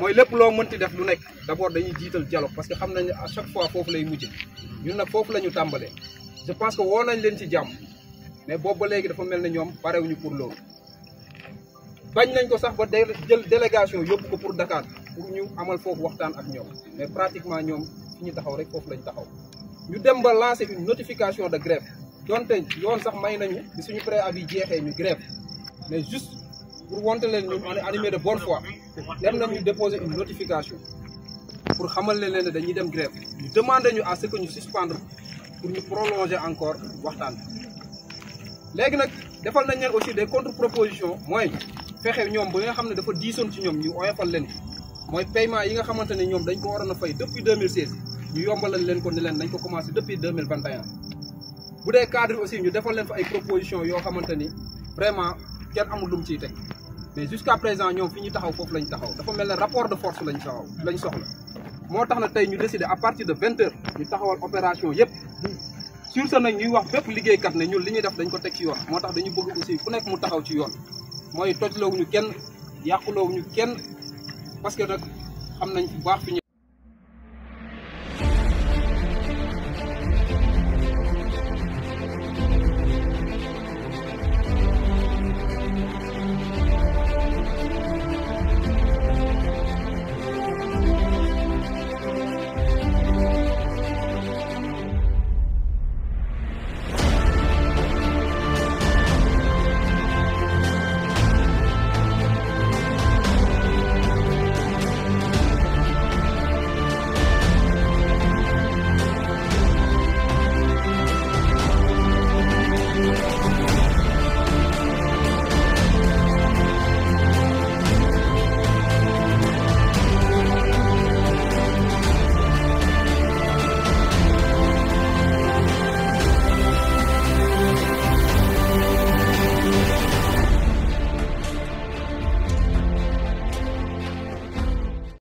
mooy lépp loo mënti def lu nekk d'abord dañuy jiital jalo parce que xam nañ à chaque fois foofu lay mujj ñun nag foofu la ñu tàmbalee je pense que woo nañ leen ci jàmm mais boobu ba léegi dafa mel na ñoom parewuñu pour loolu bañ nañ ko sax ba jël délégation yóbbu ko pour Dakar pour ñu amal foofu waxtaan ak ñoom mais pratiquement ñoom fi ñu taxaw rek foofu lañ taxaw ñu dem ba fi une notification de grève donte yoon sax may nañu bi suñu préavis jeexee ñu grève mais juste pour leen ñun on est animé dem nous déposer une notification pour xamal leen ne dañuy dem grève ñu demander ñu à ce que ñu suspendre pour ñu prolonger encore waxtaan léegi nag defal nañ leen aussi des contre propositions mooy fexe ñoom ba nga xam ne dafa diisoon ci ñoom ñu oyofal leen mooy paiement yi nga xamante ne ñoom dañ ko waroon a fay depuis 2016 ñu yombalal leen ko ni leen nañ ko commencé depuis 2021 bu dee cadre aussi ñu defal leen fa ay propositions yoo xamante ni vraiment kenn amul lu mu ciy teg mais jusqu'à présent ñoom fi ñu taxaw foofu lañ taxaw dafa mel ne rapport de force lañ soxla moo tax na tey ñu décidé à partir de vingt heures ñu taxawal opération yëpp sur ce nag ñuy wax bépp liggéeykat ne ñun li ñuy def dañ ko teg ci yoon moo tax dañu bëgg aussi ku nekk mu taxaw ci yoon mooy tojloowuñu kenn yàquloowuñu kenn parce que nag xam nañ bu baax fi ñu